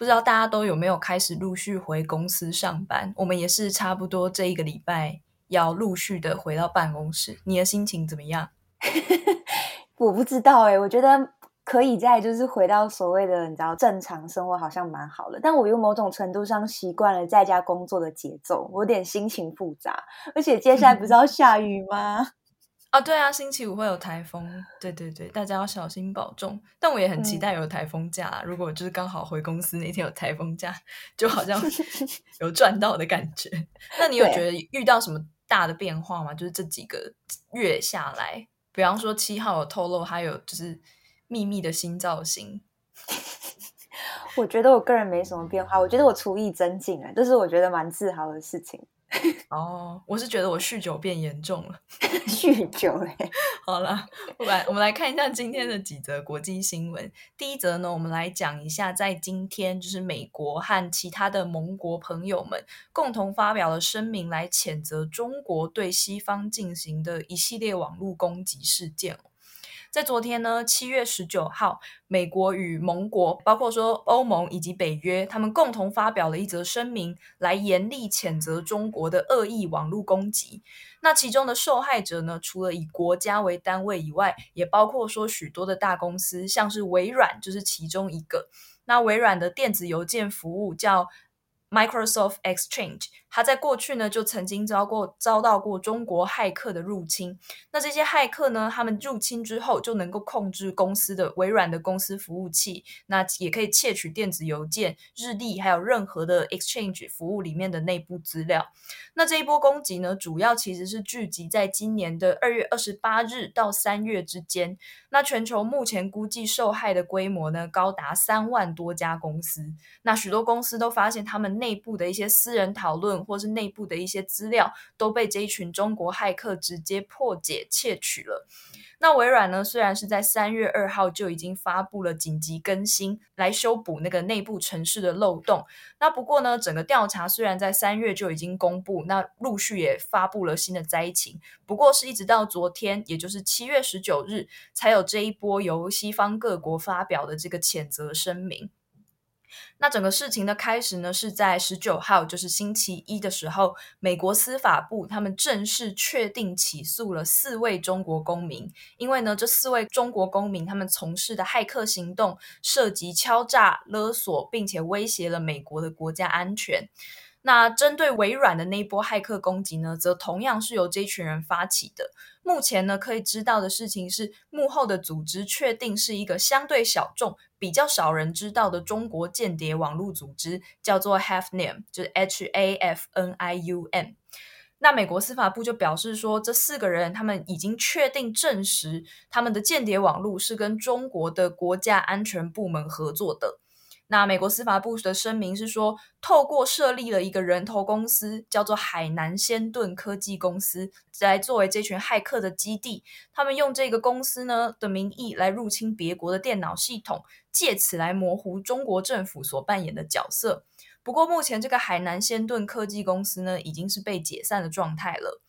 不知道大家都有沒有開始陸續回公司上班？我們也是差不多這一個禮拜要陸續的回到辦公室。你的心情怎麼樣？ 我不知道哎、欸，我覺得可以再就是回到所謂的你知道正常生活，好像蠻好的。但我有某種程度上習慣了在家工作的節奏，我有點心情複雜。而且接下來不是要下雨嗎？ 啊，對啊，星期五會有台風，對對對，大家要小心保重。但我也很期待有台風假，嗯、如果就是剛好回公司那天有台風假，就好像有賺到的感覺。 那你有覺得遇到什麼大的變化嗎？啊、就是這幾個月下來，比方說七號有透露還有就是秘密的新造型，我覺得我個人沒什麼變化，我覺得我廚藝增進了，這、就是我覺得蠻自豪的事情。 哦，我是覺得我酗酒變嚴重了，酗酒嘞。好了，來，我們來看一下今天的幾則國際新聞。第一則呢，我們來講一下，在今天，就是美國和其他的盟國朋友們共同發表了聲明，來譴責中國對西方進行的一系列網絡攻擊事件。在昨天呢，七月十九號，美國與盟國，包括說歐盟以及北約，他們共同發表了一則聲明，來嚴厲譴責中國的惡意網絡攻擊。那其中的受害者呢，除了以國家為單位以外，也包括說許多的大公司，像是微軟就是其中一個。那微軟的電子郵件服務叫。Microsoft Exchange，它在過去呢就曾經遭過遭到過中國駭客的入侵。那這些駭客呢，他們入侵之後就能夠控制公司的微軟的公司服務器，那也可以竊取電子郵件、日曆還有任何的 Exchange 服務裡面的內部資料。那這一波攻擊呢，主要其實是聚集在今年的二月二十八日到三月之間。那全球目前估計受害的規模呢，高達三萬多家公司。那許多公司都發現他們。內部的一些私人討論，或是內部的一些資料，都被這一群中國駭客直接破解竊取了。那微軟呢，雖然是在三月二號就已經發布了緊急更新，來修補那個內部城市的漏洞。那不過呢，整個調查雖然在三月就已經公布，那陸續也發布了新的災情。不過是一直到昨天，也就是七月十九日，才有這一波由西方各國發表的這個譴責聲明。那整個事情的開始呢，是在十九號，就是星期一的時候，美國司法部他們正式確定起訴了四位中國公民，因為呢，這四位中國公民他們從事的駭客行動涉及敲詐勒索，並且威脅了美國的國家安全。那針對微軟的那波駭客攻擊呢，則同樣是由這群人發起的。目前呢，可以知道的事情是，幕後的組織確定是一個相對小眾、比較少人知道的中國間諜網絡組織，叫做 Hafnium，就是 H-A-F-N-I-U-M。那美國司法部就表示說，這四個人他們已經確定證實，他們的間諜網絡是跟中國的國家安全部門合作的。那美國司法部的聲明是說，透過設立了一個人頭公司，叫做海南仙盾科技公司，來作為這群駭客的基地。他們用這個公司呢的名義來入侵別國的電腦系統，借此來模糊中國政府所扮演的角色。不過，目前這個海南仙盾科技公司呢已經是被解散的狀態了。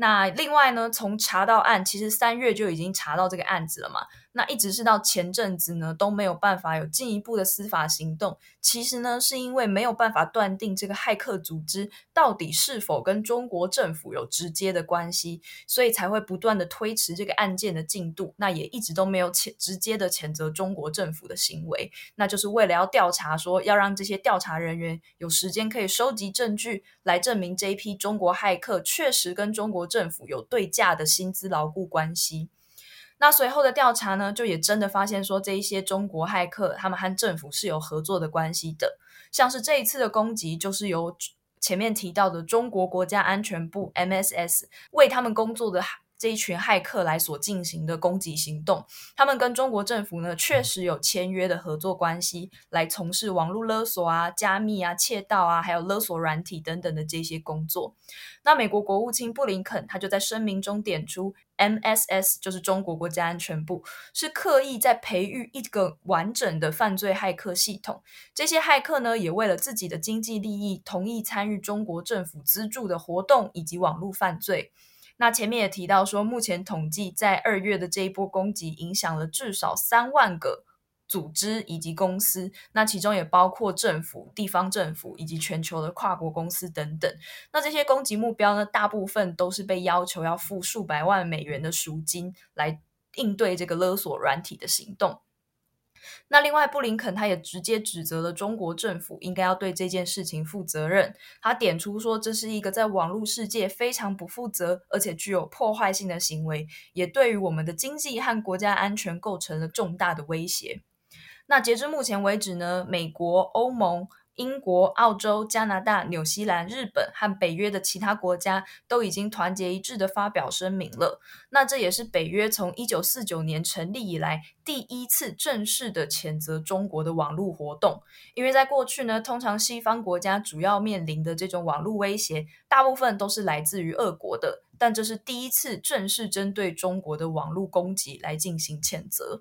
那另外呢，從查到案，其實三月就已經查到這個案子了嘛。那一直是到前陣子呢，都沒有辦法有進一步的司法行動。其實呢，是因為沒有辦法斷定這個駭客組織到底是否跟中國政府有直接的關係，所以才會不斷的推遲這個案件的進度。那也一直都沒有直接的譴責中國政府的行為，那就是為了要調查說，說要讓這些調查人員有時間可以收集證據，來證明這一批中國駭客確實跟中國政府有對價的薪資牢固關係。那隨後的調查呢，就也真的發現說，這一些中國駭客他們和政府是有合作的關係的。像是這一次的攻擊，就是由前面提到的中國國家安全部 （MSS） 為他們工作的這一群駭客來所進行的攻擊行動。他們跟中國政府呢，確實有簽約的合作關係，來從事網絡勒索啊、加密啊、竊盜啊，還有勒索軟體等等的這些工作。那美國國務卿布林肯他就在聲明中點出。MSS 就是中國國家安全部，是刻意在培育一個完整的犯罪駭客系統。這些駭客呢，也為了自己的經濟利益，同意參與中國政府資助的活動以及網絡犯罪。那前面也提到說，目前統計在二月的這一波攻擊，影響了至少三萬個。組織以及公司，那其中也包括政府、地方政府以及全球的跨國公司等等。那這些攻擊目標呢，大部分都是被要求要付數百萬美元的贖金來應對這個勒索軟體的行動。那另外，布林肯他也直接指責了中國政府應該要對這件事情負責任。他點出說，這是一個在網絡世界非常不負責而且具有破壞性的行為，也對於我們的經濟和國家安全構成了重大的威脅。那截至目前為止呢，美國、歐盟、英國、澳洲、加拿大、紐西蘭、日本和北約的其他國家都已經團結一致的發表聲明了。那這也是北約從一九四九年成立以來第一次正式的譴責中國的網絡活動。因為在過去呢，通常西方國家主要面臨的這種網絡威脅，大部分都是來自於俄國的，但這是第一次正式針對中國的網絡攻擊來進行譴責。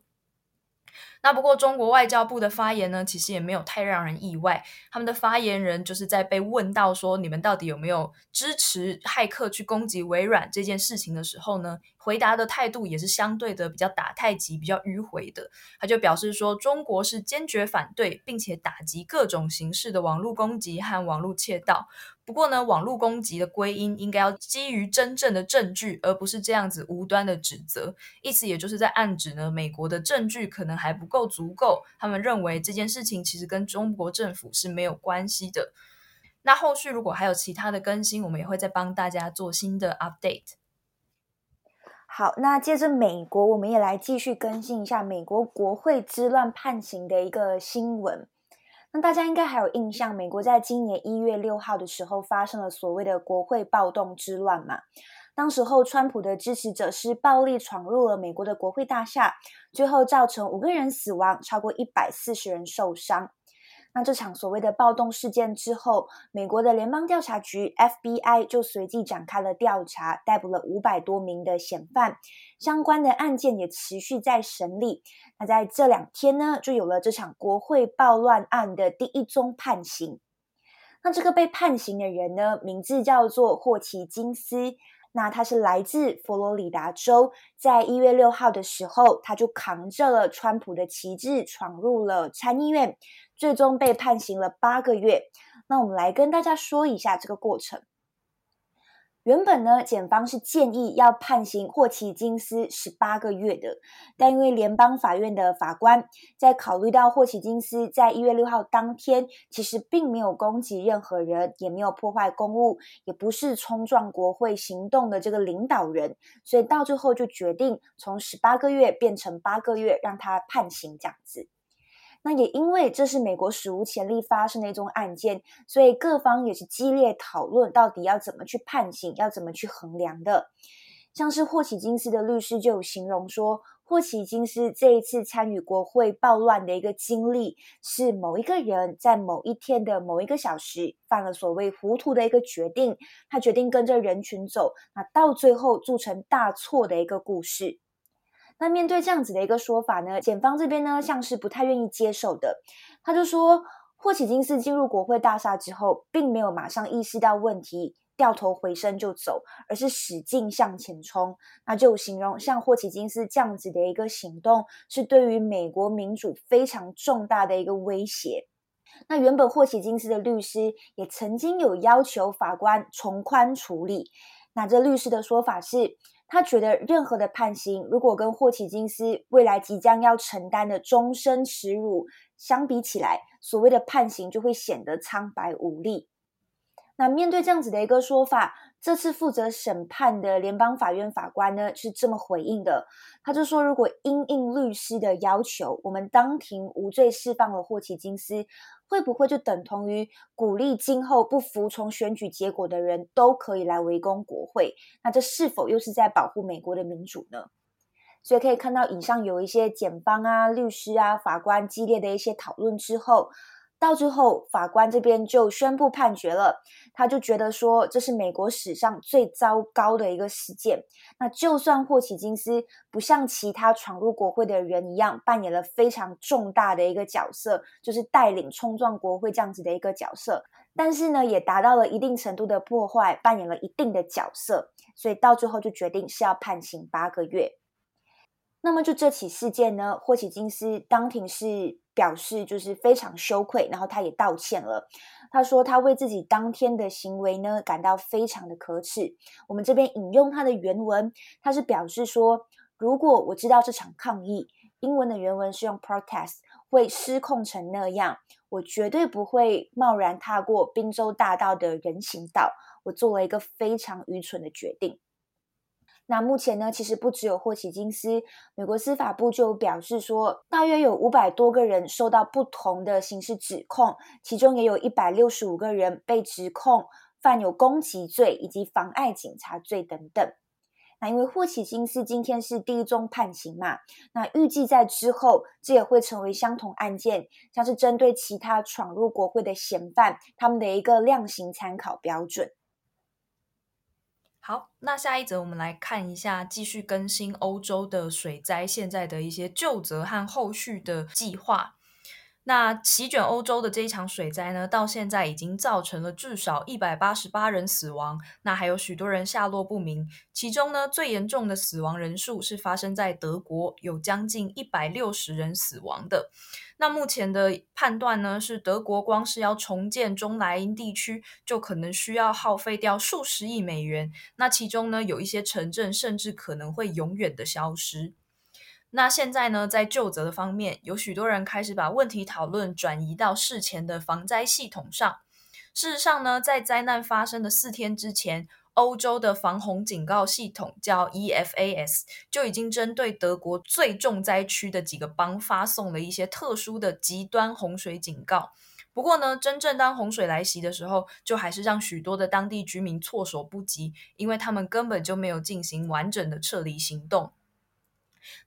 那不過，中國外交部的發言呢，其實也沒有太讓人意外。他們的發言人就是在被問到說：“你們到底有沒有支持駭客去攻擊微軟這件事情”的時候呢，回答的態度也是相對的，比較打太極、比較迂迴的。他就表示說，中國是堅決反對，並且打擊各種形式的網絡攻擊和網絡竊盜。不過呢，網絡攻擊的歸因應該要基於真正的證據，而不是這樣子無端的指責。意思也就是在暗指呢，美國的證據可能還不夠足夠，他們認為這件事情其實跟中國政府是沒有關係的。那後續如果還有其他的更新，我們也會再幫大家做新的 update。好，那接着美國，我們也來繼續更新一下美國國會之亂判刑的一個新聞。那大家應該還有印象，美國在今年一月六號的時候發生了所謂的國會暴動之亂嘛，當時候，川普的支持者是暴力闖入了美國的國會大廈，最後造成五個人死亡，超過一百四十人受傷。那這場所謂的暴動事件之後，美國的聯邦調查局 （FBI） 就隨即展開了調查，逮捕了五百多名的嫌犯，相關的案件也持續在審理。那在這兩天呢，就有了這場國會暴亂案的第一宗判刑。那這個被判刑的人呢，名字叫做霍奇金斯。那他是來自佛羅里達州，在一月六號的時候，他就扛着了川普的旗幟闖入了參議院，最終被判刑了八個月。那我們來跟大家說一下這個過程。原本呢，檢方是建議要判刑霍奇金斯十八個月的，但因為聯邦法院的法官在考慮到霍奇金斯在一月六號當天其實並沒有攻擊任何人，也沒有破壞公物，也不是衝撞國會行動的這個領導人，所以到最後就決定從十八個月變成八個月，讓他判刑這樣子。那也因為這是美國史無前例發生的一宗案件，所以各方也是激烈討論到底要怎麼去判刑，要怎麼去衡量的。像是霍奇金斯的律師就有形容說，霍奇金斯這一次參與國會暴亂的一個經歷，是某一個人在某一天的某一個小時犯了所謂糊塗的一個決定，他決定跟着人群走，那到最後鑄成大錯的一個故事。那面對這樣子的一個說法呢，檢方這邊呢像是不太願意接受的，他就說霍奇金斯進入國會大廈之後，並沒有馬上意識到問題，掉頭回身就走，而是使勁向前衝。那就形容像霍奇金斯這樣子的一個行動，是對於美國民主非常重大的一個威脅。那原本霍奇金斯的律師也曾經有要求法官從寬處理，那這律師的說法是。他覺得，任何的判刑如果跟霍奇金斯未來即將要承擔的終身恥辱相比起來，所謂的判刑就會顯得蒼白無力。那面對這樣子的一個說法。這次負責審判的聯邦法院法官呢，是這麼回應的，他就說，如果因應律師的要求，我們當庭無罪釋放了霍奇金斯，會不會就等同於鼓勵今後不服從選舉結果的人都可以來圍攻國會？那這是否又是在保護美國的民主呢？所以可以看到，以上有一些檢方啊、律師啊、法官激烈的一些討論之後。到最後，法官這邊就宣布判決了。他就覺得說，這是美國史上最糟糕的一個事件。那就算霍奇金斯不像其他闖入國會的人一樣，扮演了非常重大的一個角色，就是帶領衝撞國會這樣子的一個角色，但是呢，也達到了一定程度的破壞，扮演了一定的角色。所以到最後就決定是要判刑八個月。那麼就這起事件呢，霍奇金斯當庭是。表示就是非常羞愧，然後他也道歉了。他說他為自己當天的行為呢感到非常的可恥。我們這邊引用他的原文，他是表示說，如果我知道這場抗議，英文的原文是用 protest 會失控成那樣，我絕對不會貿然踏過賓州大道的人行道。我做了一個非常愚蠢的決定。那目前呢，其實不只有霍奇金斯，美國司法部就表示說，大約有五百多個人受到不同的刑事指控，其中也有一百六十五個人被指控犯有攻擊罪以及妨礙警察罪等等。那因為霍奇金斯今天是第一宗判刑嘛，那預計在之後，這也會成為相同案件，像是針對其他闖入國會的嫌犯，他們的一個量刑參考標準。好，那下一則我們來看一下，繼續更新歐洲的水災，現在的一些咎責和後續的計劃。那席捲歐洲的這一場水災呢，到現在已經造成了至少一百八十八人死亡，那還有許多人下落不明。其中呢，最嚴重的死亡人數是發生在德國，有將近一百六十人死亡的。那目前的判斷呢，是德國光是要重建中萊茵地區，就可能需要耗費掉數十億美元。那其中呢，有一些城鎮甚至可能會永遠的消失。那現在呢，在咎責的方面，有許多人開始把問題討論轉移到事前的防災系統上。事實上呢，在災難發生的四天之前，歐洲的防洪警告系統叫 EFAS，就已經針對德國最重災區的幾個邦發送了一些特殊的極端洪水警告。不過呢，真正當洪水來襲的時候，就還是讓許多的當地居民措手不及，因為他們根本就沒有進行完整的撤離行動。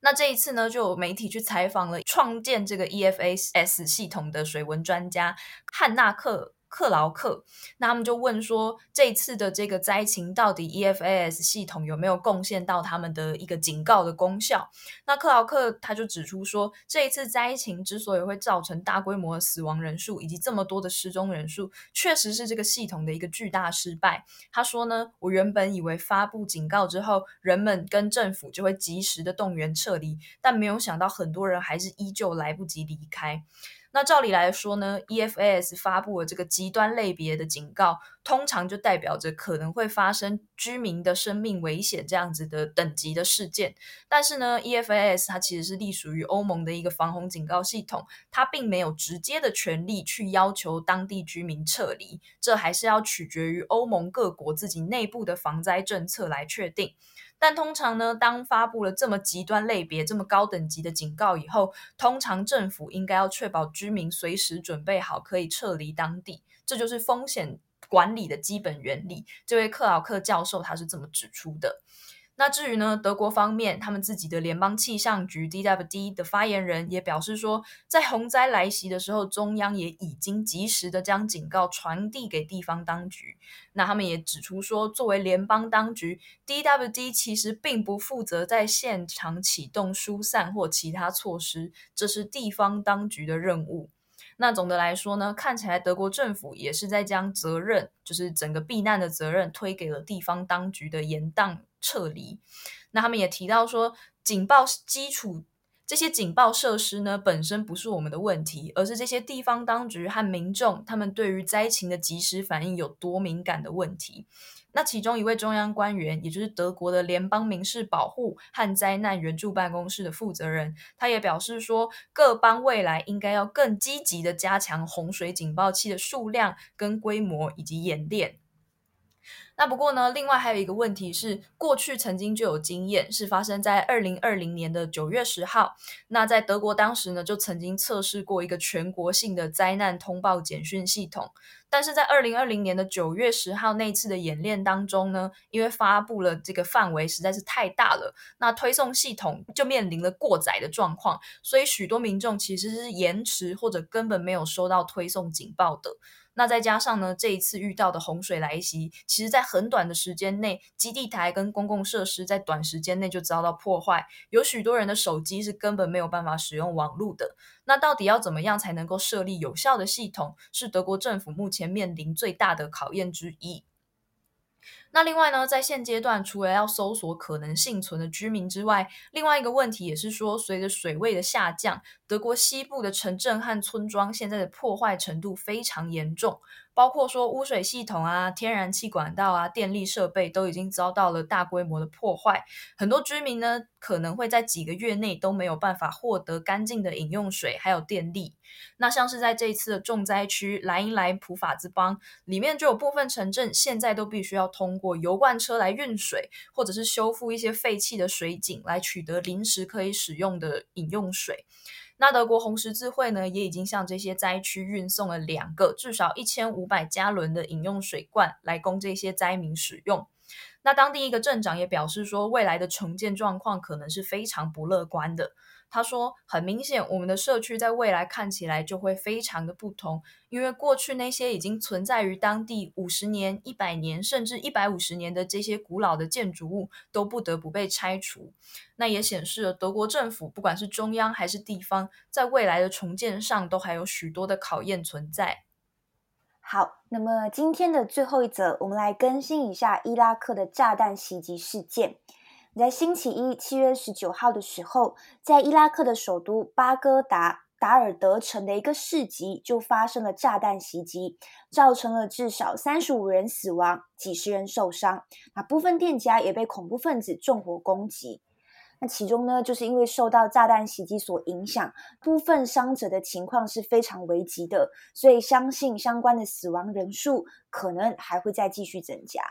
那這一次呢，就有媒體去採訪了創建這個 EFAS 系統的水文專家漢納克，克勞克，那他們就問說，這次的這個災情到底 EFAS 系統有沒有貢獻到他們的一個警告的功效？那克勞克他就指出說，這一次災情之所以會造成大規模的死亡人數以及這麼多的失蹤人數，確實是這個系統的一個巨大失敗。他說呢，我原本以為發布警告之後，人們跟政府就會及時的動員撤離，但沒有想到很多人還是依舊來不及離開。那照理來說呢，EFAS 發布了這個極端類別的警告，通常就代表着可能會發生居民的生命危險這樣子的等級的事件。但是呢，EFAS 它其實是隸屬於歐盟的一個防洪警告系統，它並沒有直接的權利去要求當地居民撤離，這還是要取決於歐盟各國自己內部的防災政策來確定。但通常呢，當發佈了這麼極端類別、這麼高等級的警告以後，通常政府應該要確保居民隨時準備好可以撤離當地。這就是風險管理的基本原理。這位克勞克教授他是這麼指出的。那至於呢，德國方面，他們自己的聯邦氣象局 （DWD） 的發言人也表示說，在洪災來襲的時候，中央也已經及時的將警告傳遞給地方當局。那他們也指出說，作為聯邦當局，DWD 其實並不負責在現場啟動疏散或其他措施，這是地方當局的任務。那總的來說呢，看起來德國政府也是在將責任，就是整個避難的責任，推給了地方當局的延宕。撤離。那他們也提到說，警報基礎這些警報設施呢，本身不是我們的問題，而是這些地方當局和民眾他們對於災情的及時反應有多敏感的問題。那其中一位中央官員，也就是德國的聯邦民事保護和災難援助辦公室的負責人，他也表示說，各邦未來應該要更積極的加強洪水警報器的數量跟規模以及演練。那不過呢，另外還有一個問題是，過去曾經就有經驗，是發生在二零二零年的九月十號。那在德國當時呢，就曾經測試過一個全國性的災難通報簡訊系統。但是在二零二零年的九月十號那次的演練當中呢，因為發布了這個範圍實在是太大了，那推送系統就面臨了過載的狀況，所以許多民眾其實是延遲或者根本沒有收到推送警報的。那再加上呢，這一次遇到的洪水來襲，其實在很短的時間內，基地台跟公共設施在短時間內就遭到破壞，有許多人的手機是根本沒有辦法使用網路的。那到底要怎麼樣才能夠設立有效的系統，是德國政府目前面臨最大的考驗之一。那另外呢，在現階段，除了要搜索可能倖存的居民之外，另外一個問題也是說，隨着水位的下降，德國西部的城鎮和村莊現在的破壞程度非常嚴重，包括說污水系統啊、天然氣管道啊、電力設備都已經遭到了大規模的破壞。很多居民呢，可能會在幾個月內都沒有辦法獲得乾淨的飲用水，還有電力。那像是在這一次的重災區萊茵蘭普法茲邦裡面，就有部分城鎮現在都必須要通過。或油罐車來運水，或者是修復一些廢棄的水井來取得臨時可以使用的飲用水。那德國紅十字會呢，也已經向這些災區運送了兩個至少一千五百加侖的飲用水罐，來供這些災民使用。那當地一個鎮長也表示說，未來的重建狀況可能是非常不樂觀的。他說：“很明顯，我們的社區在未來看起來就會非常的不同，因為過去那些已經存在於當地五十年、一百年甚至一百五十年的這些古老的建築物都不得不被拆除。那也顯示了德國政府，不管是中央還是地方，在未來的重建上都還有許多的考驗存在。”好，那麼今天的最後一則，我們來更新一下伊拉克的炸彈襲擊事件。在星期一七月十九號的時候，在伊拉克的首都巴格達達爾德城的一個市集就發生了炸彈襲擊，造成了至少三十五人死亡，幾十人受傷。那部分店家也被恐怖分子縱火攻擊。那其中呢，就是因為受到炸彈襲擊所影響，部分傷者的情況是非常危急的，所以相信相關的死亡人數可能還會再繼續增加。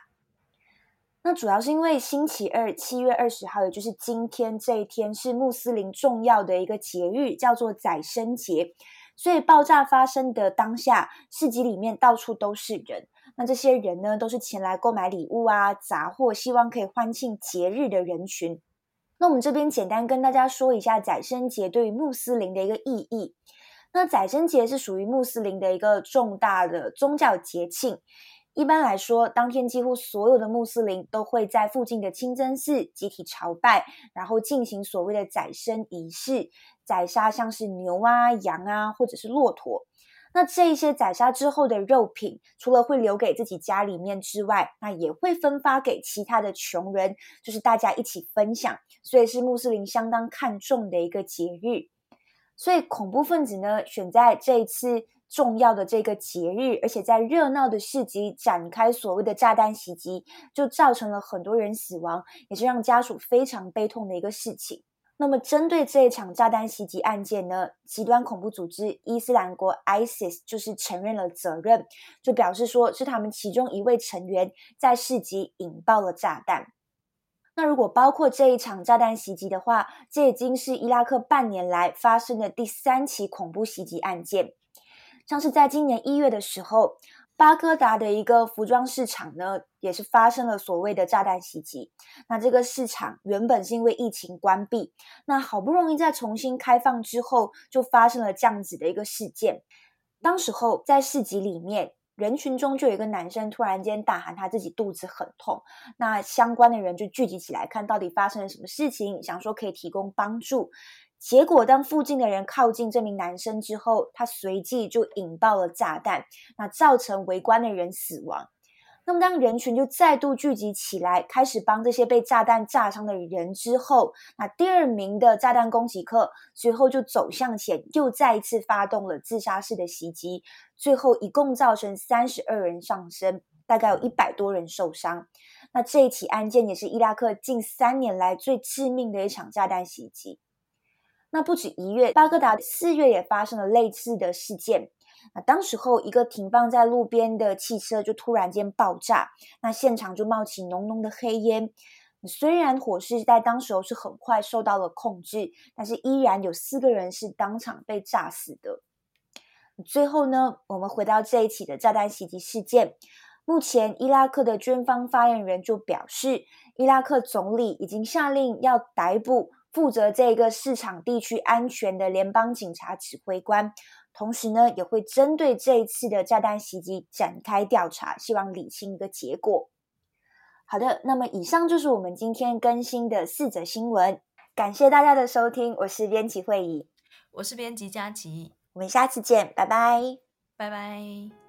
那主要是因為星期二七月二十號，也就是今天這一天是穆斯林重要的一個節日，叫做宰牲節。所以爆炸發生的當下，市集裡面到處都是人。那這些人呢，都是前來購買禮物啊、雜貨，希望可以歡慶節日的人群。那我們這邊簡單跟大家說一下宰牲節對於穆斯林的一個意義。那宰牲節是屬於穆斯林的一個重大的宗教節慶。一般來說，當天幾乎所有的穆斯林都會在附近的清真寺集體朝拜，然後進行所謂的宰牲儀式，宰殺像是牛啊、羊啊，或者是駱駝。那這一些宰殺之後的肉品，除了會留給自己家裡面之外，那也會分發給其他的窮人，就是大家一起分享。所以是穆斯林相當看重的一個節日。所以恐怖分子呢，選在這一次。重要的這個節日，而且在熱鬧的市集展開所謂的炸彈襲擊，就造成了很多人死亡，也是讓家屬非常悲痛的一個事情。那麼，針對這一場炸彈襲擊案件呢，極端恐怖組織伊斯蘭國 ISIS 就是承認了責任，就表示說是他們其中一位成員在市集引爆了炸彈。那如果包括這一場炸彈襲擊的話，這已經是伊拉克半年來發生的第三起恐怖襲擊案件。像是在今年一月的時候，巴格達的一個服裝市場呢，也是發生了所謂的炸彈襲擊。那這個市場原本是因為疫情關閉，那好不容易在重新開放之後，就發生了這樣子的一個事件。當時候在市集裡面，人群中就有一個男生突然間大喊他自己肚子很痛，那相關的人就聚集起來，看到底發生了什麼事情，想說可以提供幫助。結果，當附近的人靠近這名男生之後，他隨即就引爆了炸彈，那造成圍觀的人死亡。那麼，當人群就再度聚集起來，開始幫這些被炸彈炸傷的人之後，那第二名的炸彈攻擊客隨後就走向前，又再一次發動了自殺式的襲擊。最後一共造成三十二人喪生，大概有一百多人受傷。那這一起案件也是伊拉克近三年來最致命的一場炸彈襲擊。那不止一月，巴格達四月也發生了類似的事件。那當時候，一個停放在路邊的汽車就突然間爆炸，那現場就冒起濃濃的黑煙。雖然火勢在當時候是很快受到了控制，但是依然有四個人是當場被炸死的。最後呢，我們回到這一起的炸彈襲擊事件。目前，伊拉克的軍方發言人就表示，伊拉克總理已經下令要逮捕。負責這個市場地區安全的聯邦警察指揮官，同時呢，也會針對這一次的炸彈襲擊展開調查，希望理清一個結果。好的，那麼以上就是我們今天更新的四則新聞，感謝大家的收聽，我是編輯惠儀，我是編輯佳琪，我們下次見，拜拜，拜拜。